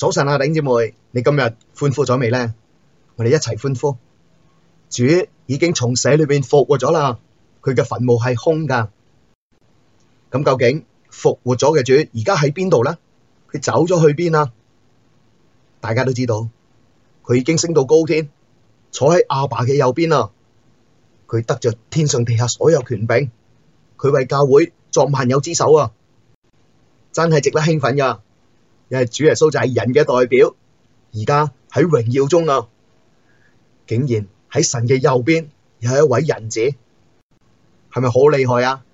早晨啊，弟兄姐妹，你今日歡呼咗未咧？我哋一齊歡呼，主已經從死裡邊復活咗啦，佢嘅墳墓係空噶。咁、嗯、究竟復活咗嘅主而家喺邊度咧？佢走咗去邊啊？大家都知道，佢已經升到高天，坐喺阿爸嘅右邊啦。佢得着天上地下所有權柄，佢為教會作萬有之首啊！真係值得興奮噶。又係主耶穌就係人嘅代表，而家喺榮耀中啊，竟然喺神嘅右邊有一位人子，係咪好厲害啊？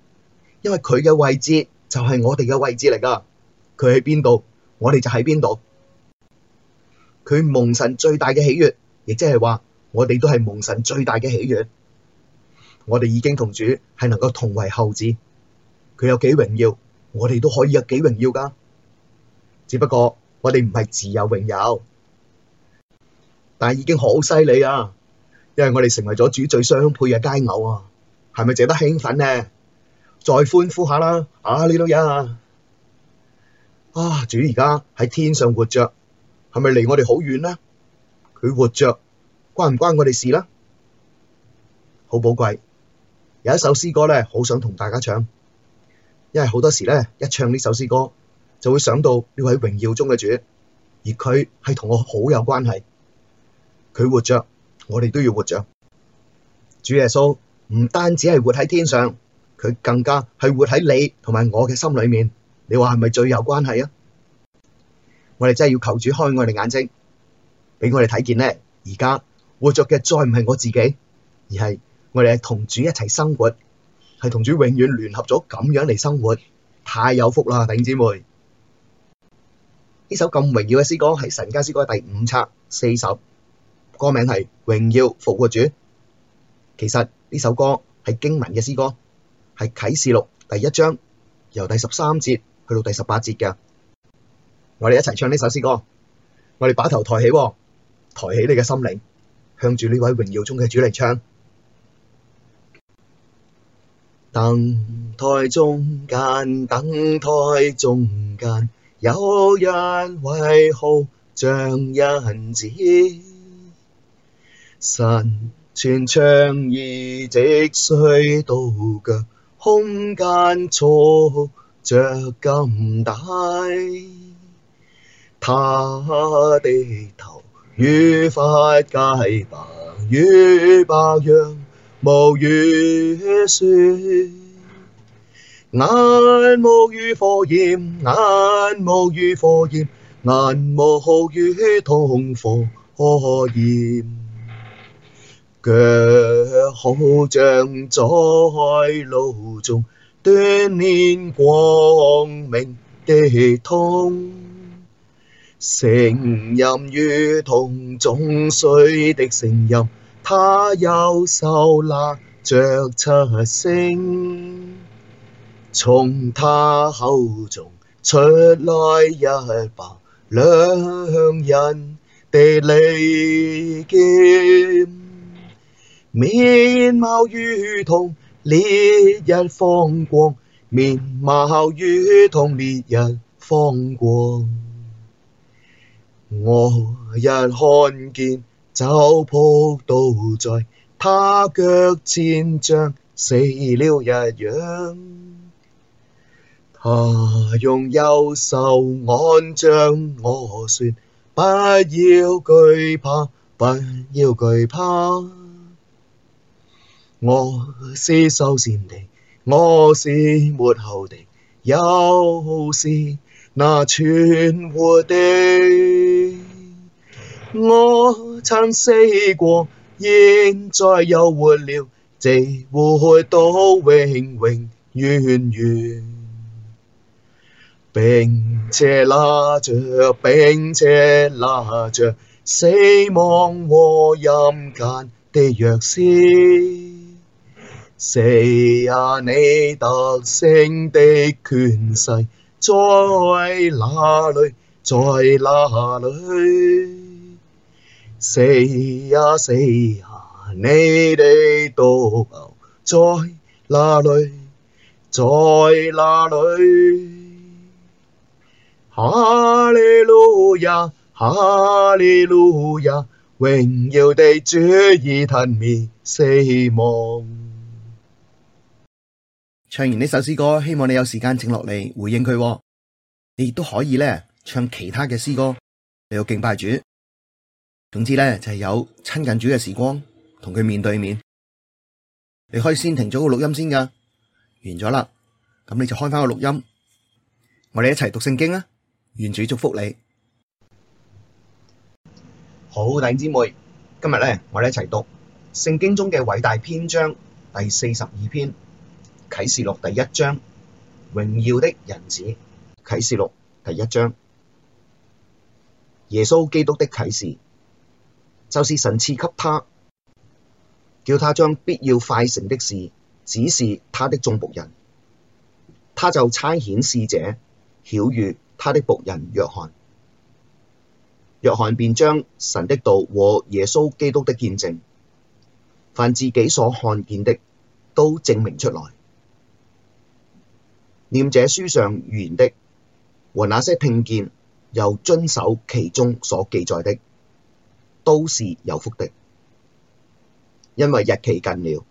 因為佢嘅位置就係我哋嘅位置嚟噶，佢喺邊度，我哋就喺邊度。佢蒙神最大嘅喜悅，亦即係話我哋都係蒙神最大嘅喜悅。我哋已經同主係能夠同為後子，佢有幾榮耀，我哋都可以有幾榮耀噶。只不過我哋唔係自有永有，但係已經好犀利啊！因為我哋成為咗主最相配嘅佳偶啊，係咪值得興奮呢？再歡呼下啦！啊呢度有啊！啊，主而家喺天上活着，係咪離我哋好遠呢？佢活着關唔關我哋事啦？好寶貴！有一首詩歌咧，好想同大家唱，因為好多時咧一唱呢首詩歌。就會想到呢位榮耀中嘅主，而佢係同我好有關係。佢活着，我哋都要活着。主耶穌唔單止係活喺天上，佢更加係活喺你同埋我嘅心裏面。你話係咪最有關係啊？我哋真係要求主開我哋眼睛，俾我哋睇見咧。而家活着嘅再唔係我自己，而係我哋係同主一齊生活，係同主永遠聯合咗咁樣嚟生活，太有福啦！弟兄姊妹。呢首咁榮耀嘅詩歌係神家詩歌嘅第五冊四首，歌名係《榮耀復活主》。其實呢首歌係經文嘅詩歌，係啟示錄第一章由第十三節去到第十八節嘅。我哋一齊唱呢首詩歌，我哋把頭抬起，哦，抬起你嘅心靈，向住呢位榮耀中嘅主嚟唱等。燈台中間，燈台中間。有一位好像人子，身穿長衣，直垂到腳，胸間束著金帶，他的頭與髮皆白，如白羊毛，如雪。眼目如火焰，眼目如火焰，眼目如同火焰。腳好像在爐中鍛鍊光明的銅，聲音如同眾水的聲音，它右手拿着七星。從他口中出來一把兩刃的利劍，面貌如同烈日放光，面貌如同烈日放光。我一看見就仆倒在他腳前，像死了一樣。啊、用右手按住我說，不要懼怕，不要懼怕。我是首先的，我是末後的，又是那存活的。我曾死過，現在又活了，直活到永永遠遠。並且拿着，並且拿着死亡和陰間的鑰匙。死呀，你得勝的權勢在哪裏？在哪裏？死呀，死呀，你的毒在哪裏？在哪裏？哈利路亞，哈利路亞，榮耀的主已吞滅死亡。唱完呢首詩歌，希望你有時間靜落嚟回應佢。你亦都可以咧唱其他嘅詩歌，你要敬拜主。總之咧就係、是、有親近主嘅時光，同佢面對面。你可以先停咗個錄音先㗎，完咗啦，咁你就開返個錄音，我哋一齊讀聖經啊！願主祝福你，好弟兄姊妹，今日咧，我哋一齊讀聖經中嘅偉大篇章第四十二篇《啟示錄》第一章《榮耀的人子》。啟示錄第一章，耶穌基督的啟示，就是神賜給他，叫他將必要快成的事指示他的眾僕人，他就差遣使者曉諭。他的僕人約翰，約翰便將神的道和耶穌基督的見證，凡自己所看見的，都證明出來。念這書上預言的，和那些聽見又遵守其中所記載的，都是有福的，因為日期近了。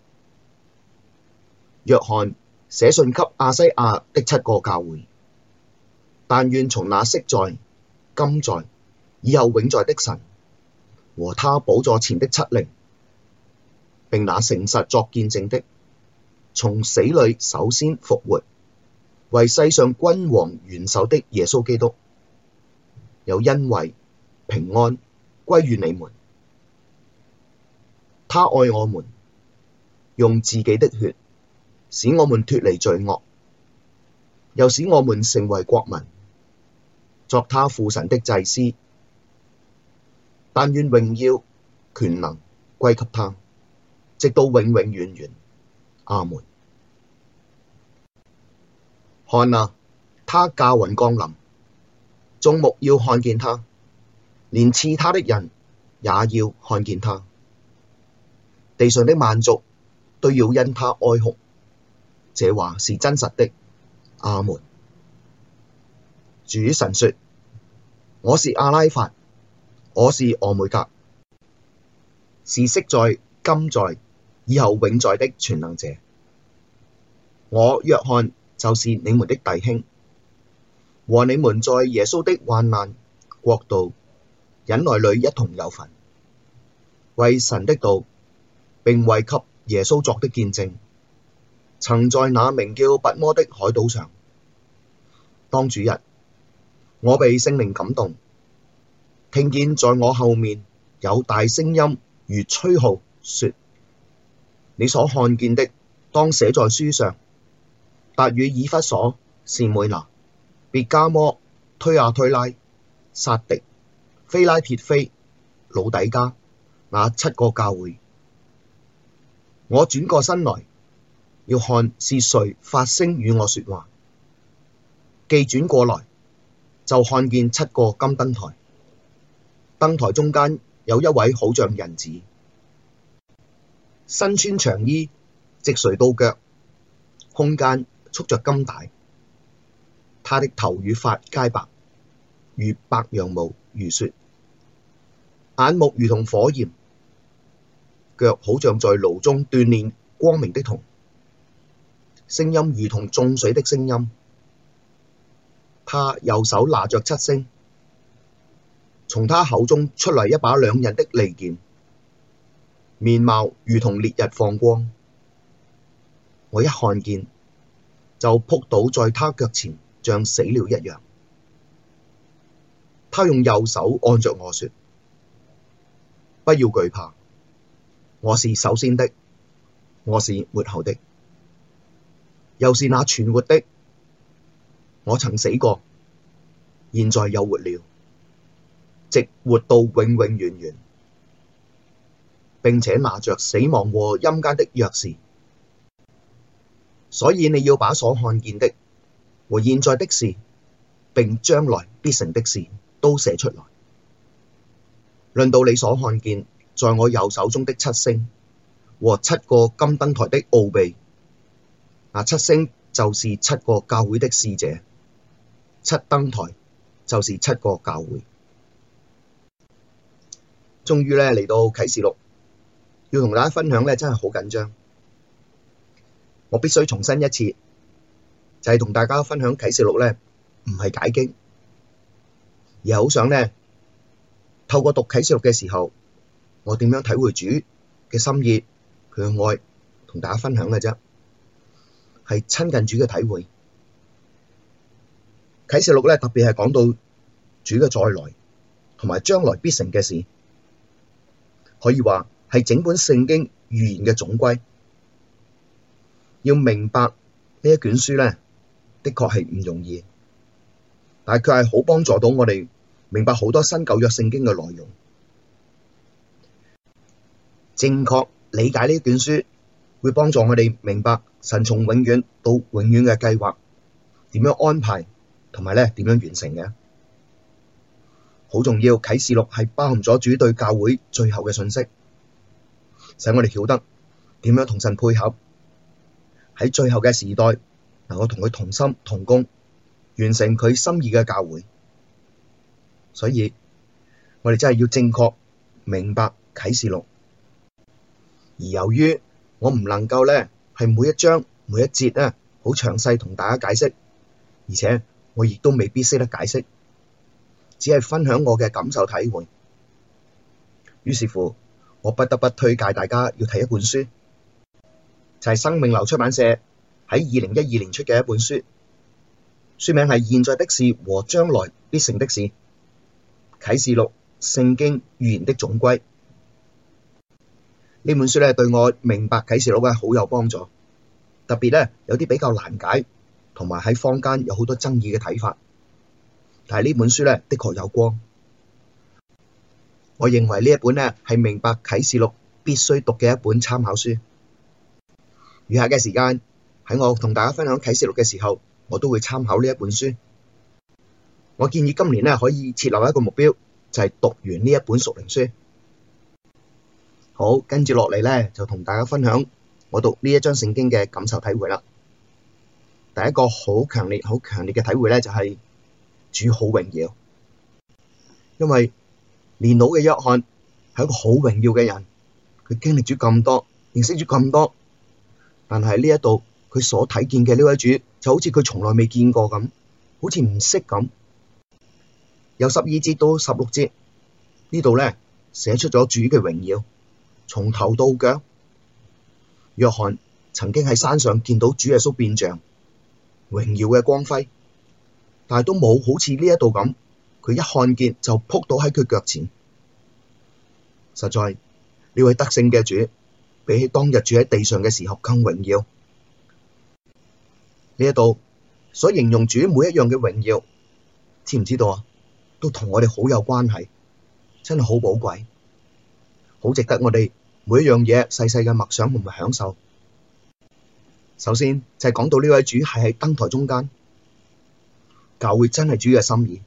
約翰寫信給亞西亞的七個教會。但願從那昔在、今在、以後永在的神和他寶座前的七靈，並那誠實作見證的、從死裡首先復活、為世上君王元首的耶穌基督，有恩惠、平安歸於你們。他愛我們，用自己的血使我們脫離罪惡，又使我們成為國民。作他父神的祭司，但願榮耀權能歸給他，直到永永遠遠。阿門。看哪，他駕雲降臨，眾目要看見他，連刺他的人也要看見他。地上的萬族都要因他哀哭。這話是真實的。阿門。主神說：我是阿拉法，我是俄梅戛，是昔在、今在、以後永在的全能者。我約翰就是你們的弟兄，和你們在耶穌的患難、國度、忍耐裏一同有分，為神的道，並為給耶穌作的見證，曾在那名叫拔摩的海島上當主日。我被聖靈感動，聽見在我後面有大聲音，如吹號，説：你所看見的，當寫在書上。達與以弗所、士每拿、別迦摩、推雅、啊、推喇、撒狄、非拉鐵非、老底嘉那七個教會。我轉過身來要看是誰發聲與我說話，既轉過來，就看見七個金燈台，燈台中間有一位好像人子，身穿長衣，直垂到腳，胸間束着金帶，他的頭與髮皆白，如白羊毛，如雪，眼目如同火焰，腳好像在爐中鍛煉光明的銅，聲音如同眾水的聲音。他右手拿着七星，從他口中出來一把兩刃的利劍，面貌如同烈日放光。我一看見，就仆倒在他腳前，像死了一樣。他用右手按着我說：不要懼怕，我是首先的，我是末後的，又是那存活的。我曾死過，現在又活了，直活到永永遠遠，並且拿著死亡和陰間的鑰匙。所以你要把所看見的和現在的事，並將來必成的事，都寫出來。論到你所看見在我右手中的七星和七個金燈臺的奧祕，那，七星就是七個教會的使者。七燈臺就是七個教會，終於呢嚟到啟示錄，要同大家分享呢真係好緊張，我必須重申一次，就係、是、同大家分享啟示錄呢，唔係解經，而係好想呢，透過讀啟示錄嘅時候，我點樣體會主嘅心意，佢嘅愛，同大家分享嘅啫，係親近主嘅體會。啟示錄咧，特別係講到主嘅再來同埋將來必成嘅事，可以話係整本聖經預言嘅總歸。要明白呢一卷書咧，的確係唔容易，但係佢係好幫助到我哋明白好多新舊約聖經嘅內容。正確理解呢一卷書，會幫助我哋明白神從永遠到永遠嘅計劃，點樣安排。同埋咧，點樣完成嘅好重要？啟示錄係包含咗主對教會最後嘅信息，使我哋曉得點樣同神配合喺最後嘅時代，能夠同佢同心同工，完成佢心意嘅教會。所以，我哋真係要正確明白啟示錄。而由於我唔能夠咧係每一章每一節咧好詳細同大家解釋，而且。我亦都未必識得解釋，只係分享我嘅感受體會。於是乎，我不得不推介大家要睇一本書，就係生命流出版社喺二零一二年出嘅一本書，書名係現在的事和將來必成的事——啟示錄聖經預言的總歸。呢本書咧對我明白啟示錄嘅好有幫助，特別咧有啲比較難解。同埋喺坊間有好多爭議嘅睇法，但係呢本書咧的確有光。我認為呢一本咧係明白啟示錄必須讀嘅一本參考書。餘下嘅時間喺我同大家分享啟示錄嘅時候，我都會參考呢一本書。我建議今年咧可以設立一個目標，就係讀完呢一本屬靈書。好，跟住落嚟咧就同大家分享我讀呢一張聖經嘅感受體會啦。第一個好強烈、好強烈嘅體會咧，就係主好榮耀，因為年老嘅約翰係一個好榮耀嘅人，佢經歷咗咁多，認識咗咁多但，但係呢一度佢所睇見嘅呢位主就好似佢從來未見過咁，好似唔識咁。有十二節到十六節，呢度咧寫出咗主嘅榮耀，從頭到腳。約翰曾經喺山上見到主耶穌變像。榮耀嘅光輝，但係都冇好似呢一度咁，佢一看見就撲倒喺佢腳前。實在呢位得勝嘅主，比起當日住喺地上嘅時候更榮耀。呢一度所形容主每一樣嘅榮耀，知唔知道啊？都同我哋好有關係，真係好寶貴，好值得我哋每一樣嘢細細嘅默想同埋享受。首先就係、是、講到呢位主係喺燈台中間，教會真係主嘅心意，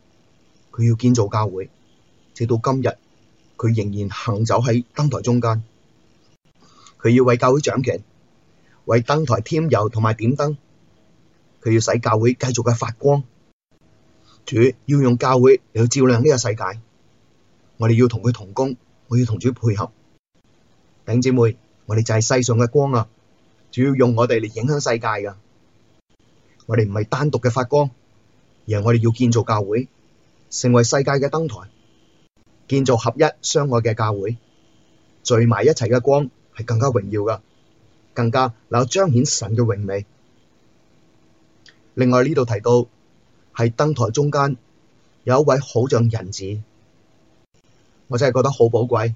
佢要建造教會，直到今日佢仍然行走喺燈台中間，佢要為教會掌權，為燈台添油同埋點燈，佢要使教會繼續嘅發光，主要用教會嚟去照亮呢個世界，我哋要同佢同工，我要同主配合，頂姐妹，我哋就係世上嘅光啊！主要用我哋嚟影響世界噶，我哋唔係單獨嘅發光，而係我哋要建造教會，成為世界嘅燈台，建造合一相愛嘅教會，聚埋一齊嘅光係更加榮耀噶，更加能彰顯神嘅榮美。另外呢度提到喺燈台中間有一位好像人子，我真係覺得好寶貴，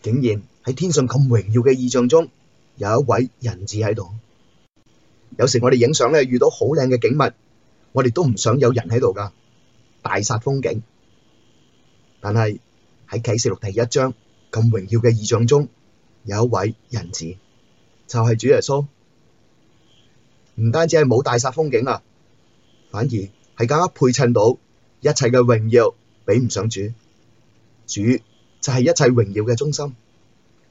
竟然喺天上咁榮耀嘅異象中。有一位人子喺度。有時我哋影相咧，遇到好靚嘅景物，我哋都唔想有人喺度噶，大煞風景。但係喺啟示錄第一章咁榮耀嘅異象中，有一位人子，就係、是、主耶穌。唔單止係冇大煞風景啊，反而係更加配襯到一切嘅榮耀，比唔上主。主就係一切榮耀嘅中心，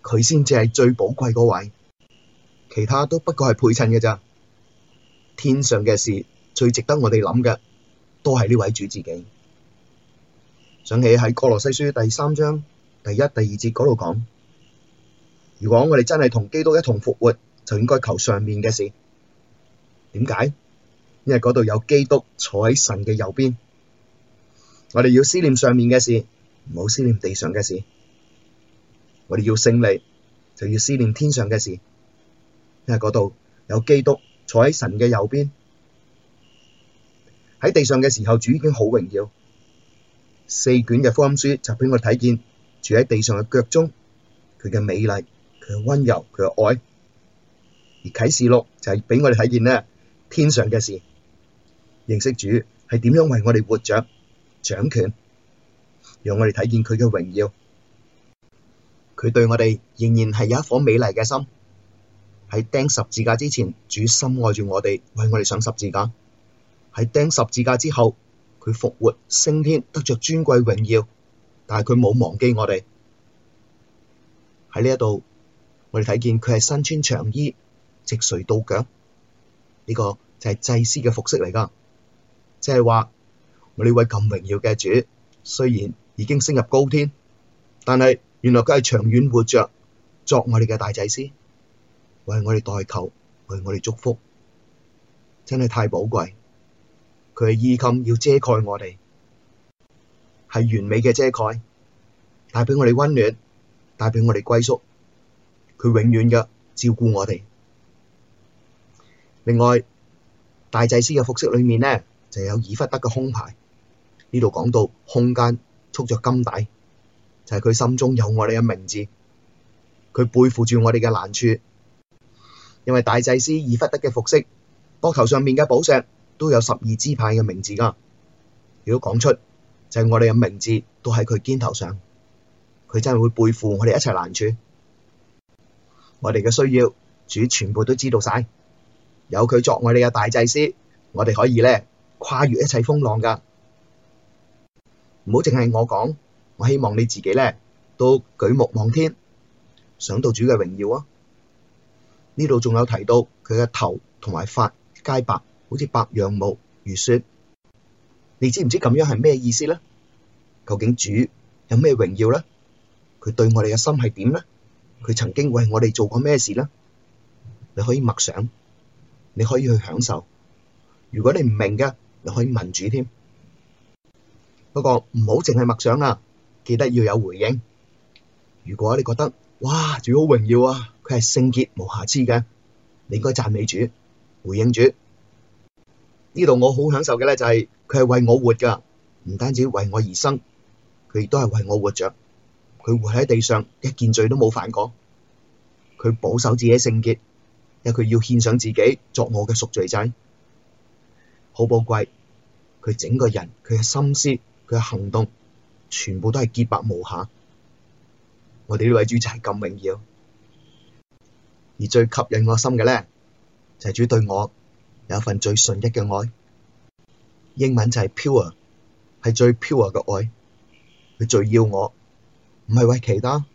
佢先至係最寶貴嗰位。其他都不過係配襯嘅咋。天上嘅事，最值得我哋諗嘅，都係呢位主自己。想起喺《哥羅西書》第三章第一、第二節嗰度講，如果我哋真係同基督一同復活，就應該求上面嘅事。點解？因為嗰度有基督坐喺神嘅右邊。我哋要思念上面嘅事，唔好思念地上嘅事。我哋要勝利，就要思念天上嘅事。因為嗰度有基督坐喺神嘅右邊，喺地上嘅時候，主已經好榮耀。四卷嘅福音書就俾我哋睇見住喺地上嘅腳中，佢嘅美麗，佢嘅溫柔，佢嘅愛。而啟示錄就係俾我哋睇見咧天上嘅事，認識主係點樣為我哋活着掌權，讓我哋睇見佢嘅榮耀。佢對我哋仍然係有一顆美麗嘅心。喺釘十字架之前，主深愛住我哋，為我哋上十字架；喺釘十字架之後，佢復活升天，得着尊貴榮耀。但係佢冇忘記我哋喺呢一度，我哋睇見佢係身穿長衣，直垂到腳。呢個就係祭司嘅服飾嚟㗎，即係話我呢位咁榮耀嘅主，雖然已經升入高天，但係原來佢係長遠活着作我哋嘅大祭司。為我哋代求，為我哋祝福，真係太寶貴。佢係衣襟要遮蓋我哋，係完美嘅遮蓋，帶俾我哋温暖，帶俾我哋歸宿。佢永遠嘅照顧我哋。另外，大祭司嘅服飾裏面呢，就有以弗得嘅胸牌。呢度講到胸間束着金帶，就係、是、佢心中有我哋嘅名字，佢背負住我哋嘅難處。因為大祭司以弗得嘅服飾，膊頭上面嘅寶石都有十二支派嘅名字噶。如果講出，就係、是、我哋嘅名字都喺佢肩頭上，佢真係會背負我哋一切難處。我哋嘅需要，主全部都知道晒，有佢作我哋嘅大祭司，我哋可以咧跨越一切風浪噶。唔好淨係我講，我希望你自己咧都舉目望天，想到主嘅榮耀啊！呢度仲有提到佢嘅頭同埋髮皆白，好似白羊毛如雪。你知唔知咁樣係咩意思咧？究竟主有咩榮耀咧？佢對我哋嘅心係點咧？佢曾經為我哋做過咩事咧？你可以默想，你可以去享受。如果你唔明嘅，你可以問主添。不過唔好淨係默想啦，記得要有回應。如果你覺得，哇，主好榮耀啊！佢係聖潔無瑕疵嘅，你應該讚美主，回應主。呢度我好享受嘅咧、就是，就係佢係為我活噶，唔單止為我而生，佢亦都係為我活着。佢活喺地上一件罪都冇犯過，佢保守自己聖潔，因為佢要獻上自己作我嘅贖罪祭，好寶貴。佢整個人、佢嘅心思、佢嘅行動，全部都係潔白無瑕。我哋呢位主係咁榮耀，而最吸引我心嘅咧，就係主對我有份最純一嘅愛，英文就係 pure，係最 pure 嘅愛，佢最要我，唔係為其他，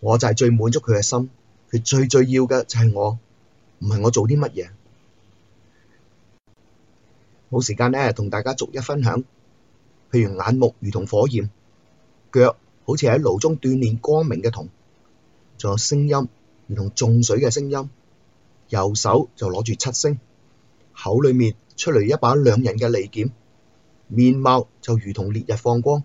我就係最滿足佢嘅心，佢最最要嘅就係我，唔係我做啲乜嘢，冇時間咧同大家逐一分享，譬如眼目如同火焰，腳，好似喺爐中鍛鍊光明嘅銅，仲有聲音，如同眾水嘅聲音。右手就攞住七星，口裏面出嚟一把兩刃嘅利劍，面貌就如同烈日放光。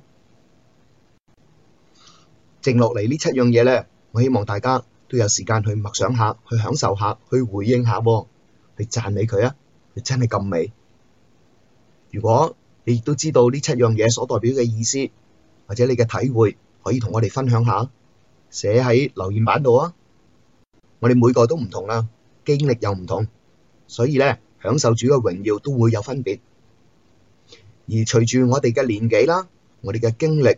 剩落嚟呢七樣嘢咧，我希望大家都有時間去默想下，去享受下，去回應下，去讚美佢啊！佢真係咁美。如果你亦都知道呢七樣嘢所代表嘅意思，或者你嘅體會。可以同我哋分享下，寫喺留言版留言板度啊！我哋每個都唔同啦，經歷又唔同，所以咧，享受主嘅榮耀都會有分別。而隨住我哋嘅年紀啦，我哋嘅經歷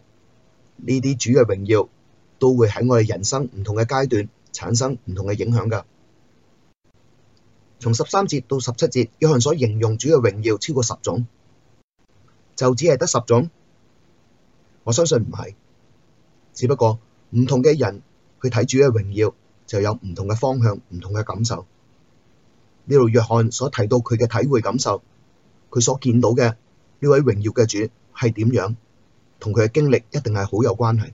呢啲主嘅榮耀都會喺我哋人生唔同嘅階段產生唔同嘅影響噶。從十三節到十七節，約翰所形容主嘅榮耀超過十種，就只係得十種，我相信唔係。只不過唔同嘅人佢睇主嘅榮耀就有唔同嘅方向、唔同嘅感受。呢度約翰所提到佢嘅體會感受，佢所見到嘅呢位榮耀嘅主係點樣，同佢嘅經歷一定係好有關係。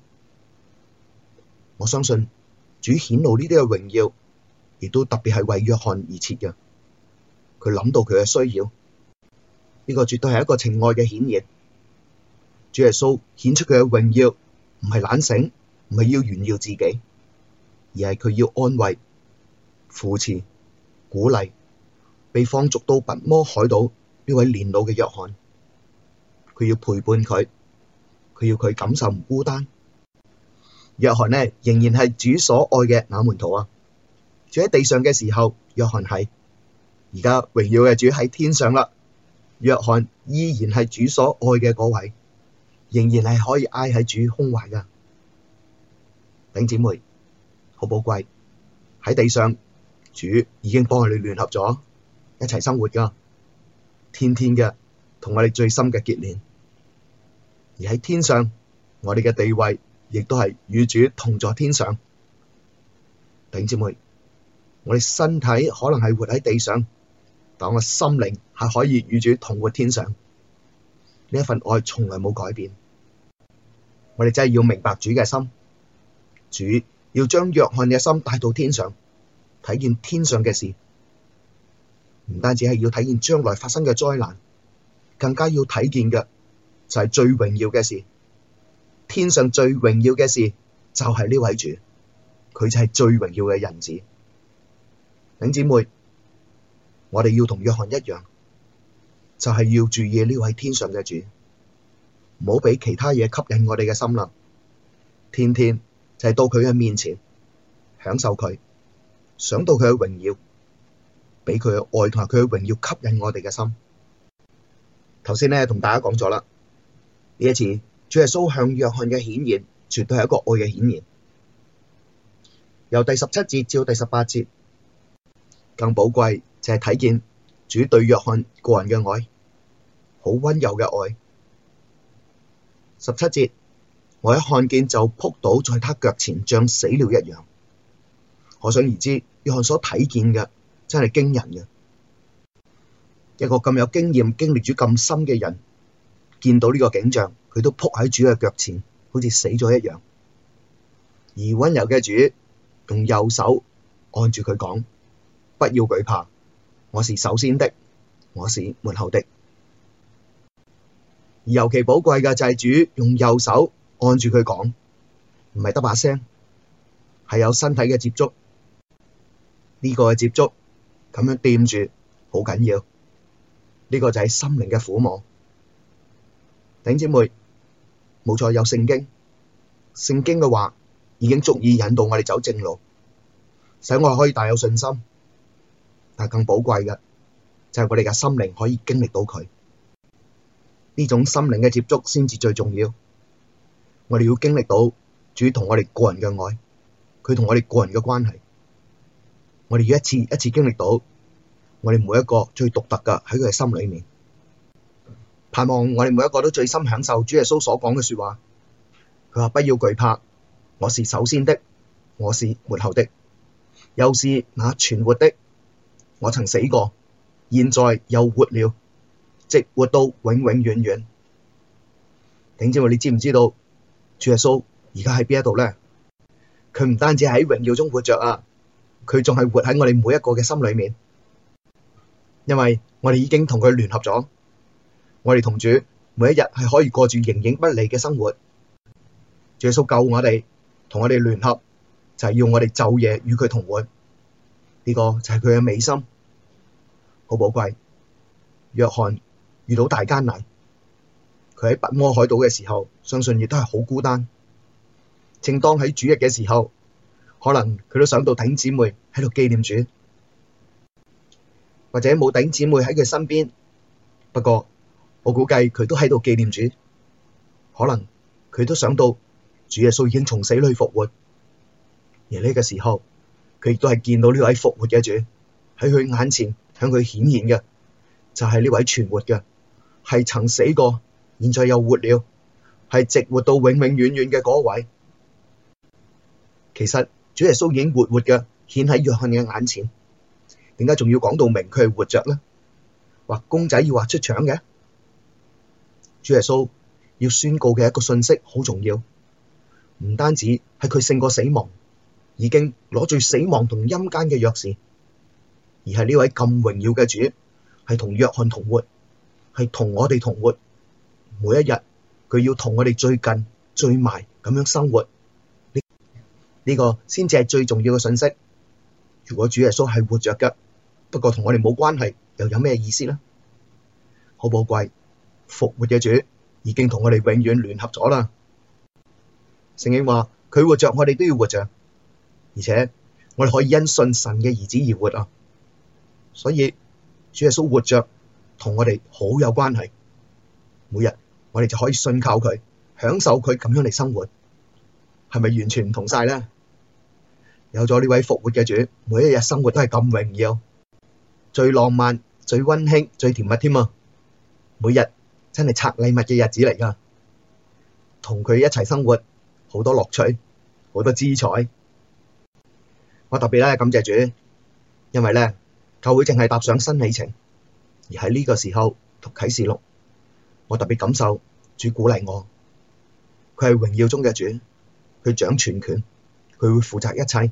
我相信主顯露呢啲嘅榮耀，亦都特別係為約翰而設嘅。佢諗到佢嘅需要，呢、這個絕對係一個情愛嘅顯現。主耶穌顯出佢嘅榮耀。唔係懶醒，唔係要炫耀自己，而係佢要安慰、扶持、鼓勵被放逐到拔摩海島呢位年老嘅約翰。佢要陪伴佢，佢要佢感受唔孤單。約翰呢，仍然係主所愛嘅那門徒啊！住喺地上嘅時候，約翰係，而家榮耀嘅主喺天上啦。約翰依然係主所愛嘅嗰位。仍然係可以挨喺主胸懷噶頂姊妹好寶貴，喺地上，主已經幫我哋聯合咗一齊生活噶天天嘅同我哋最深嘅結連。而喺天上，我哋嘅地位亦都係與主同在天上。頂姊妹，我哋身體可能係活喺地上，但係我心靈係可以與主同活天上。呢一份愛從來冇改變。我哋真係要明白主嘅心，主要將約翰嘅心帶到天上，睇見天上嘅事。唔單止係要睇見將來發生嘅災難，更加要睇見嘅就係最榮耀嘅事。天上最榮耀嘅事就係呢位主，佢就係最榮耀嘅人子。弟兄姊妹，我哋要同約翰一樣，就係要注意呢位天上嘅主。唔好畀其他嘢吸引我哋嘅心啦。天天就係到佢嘅面前，享受佢，想到佢嘅榮耀，畀佢嘅愛同埋佢嘅榮耀吸引我哋嘅心。頭先呢，同大家講咗啦，呢一次主耶穌向約翰嘅顯現，絕對係一個愛嘅顯現。由第十七節至到第十八節，更寶貴就係睇見主對約翰個人嘅愛，好温柔嘅愛。十七節，我一看見就撲倒在他腳前，前，像死了一樣。可想而知，約翰所睇見嘅真係驚人嘅。一個咁有經驗、經歷主咁深嘅人，見到呢個景象，佢都撲喺主嘅腳前，好似死咗一樣。而温柔嘅主用右手按住佢講：不要懼怕，我是首先的，我是末後的。尤其寶貴嘅就係主用右手按住佢講，唔係得把聲，係有身體嘅接觸，呢、這個嘅接觸咁樣掂住好緊要，呢、這個就係心靈嘅撫摸。弟兄姊妹，冇錯有聖經，聖經嘅話已經足以引導我哋走正路，使我哋可以大有信心。但更寶貴嘅就係、是、我哋嘅心靈可以經歷到佢。呢種心靈嘅接觸先至最重要。我哋要經歷到主同我哋個人嘅愛，佢同我哋個人嘅關係。我哋要一次一次經歷到我哋每一個最獨特嘅喺佢嘅心裏面，盼望我哋每一個都最深享受主耶穌所講嘅說話。佢話：不要懼怕，我是首先的，我是末後的，又是那存活的。我曾死過，現在又活了。即活到永永遠遠，頂知喎？你知唔知道主耶穌而家喺邊一度咧？佢唔單止喺榮耀中活着啊，佢仲係活喺我哋每一個嘅心裏面，因為我哋已經同佢聯合咗，我哋同主每一日係可以過住形影不離嘅生活。主耶穌救我哋，同我哋聯合，就係要我哋晝夜與佢同活，呢個就係佢嘅美心，好寶貴。約翰，遇到大艱難，佢喺拔摩海島嘅時候，相信亦都係好孤單。正當喺主日嘅時候，可能佢都想到頂姊妹喺度紀念主，或者冇頂姊妹喺佢身邊。不過我估計佢都喺度紀念主，可能佢都想到主耶穌已經從死裏復活。而呢個時候，佢亦都係見到呢位復活嘅主喺佢眼前向顯，向佢顯現嘅就係、是、呢位存活嘅。係曾死過，現在又活了，係直活到永永遠遠嘅嗰位。其實主耶穌已經活活嘅，顯喺約翰嘅眼前。點解仲要講到明佢係活着呢？畫公仔要畫出腸嘅。主耶穌要宣告嘅一個信息好重要，唔單止係佢勝過死亡，已經攞住死亡同陰間嘅鑰匙，而係呢位咁榮耀嘅主係同約翰同活。係同我哋同活，每一日佢要同我哋最近最埋咁樣生活，呢呢個先至係最重要嘅信息。如果主耶穌係活着嘅，不過同我哋冇關係，又有咩意思呢？好寶貴復活嘅主已經同我哋永遠聯合咗啦。聖經話佢活着，我哋都要活着，而且我哋可以因信神嘅兒子而活啊！所以主耶穌活着，同我哋好有關係，每日我哋就可以信靠佢，享受佢咁樣嚟生活，係咪完全唔同晒咧？有咗呢位復活嘅主，每一日生活都係咁榮耀、最浪漫、最溫馨、最甜蜜添啊！每日真係拆禮物嘅日子嚟㗎，同佢一齊生活好多樂趣，好多姿彩。我特別咧，感謝主，因為咧教會淨係踏上新里程。而喺呢個時候讀啟示錄，我特別感受主鼓勵我。佢係榮耀中嘅主，佢掌全權，佢會負責一切。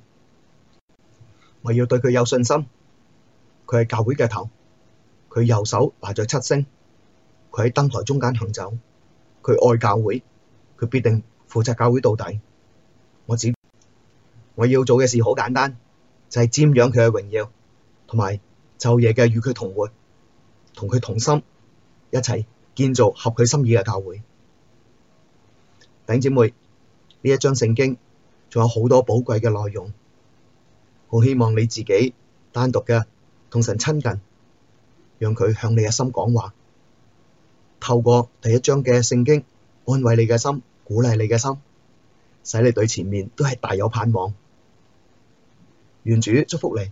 我要對佢有信心。佢係教會嘅頭，佢右手拿著七星，佢喺燈台中間行走。佢愛教會，佢必定負責教會到底。我只，我要做嘅事好簡單，就係瞻仰佢嘅榮耀，同埋晝夜嘅與佢同活。同佢同心，一齊建造合佢心意嘅教會。弟姐妹，呢一章聖經仲有好多寶貴嘅內容，好希望你自己單獨嘅，同神親近，讓佢向你嘅心講話。透過第一章嘅聖經安慰你嘅心，鼓勵你嘅心，使你對前面都係大有盼望。願主祝福你。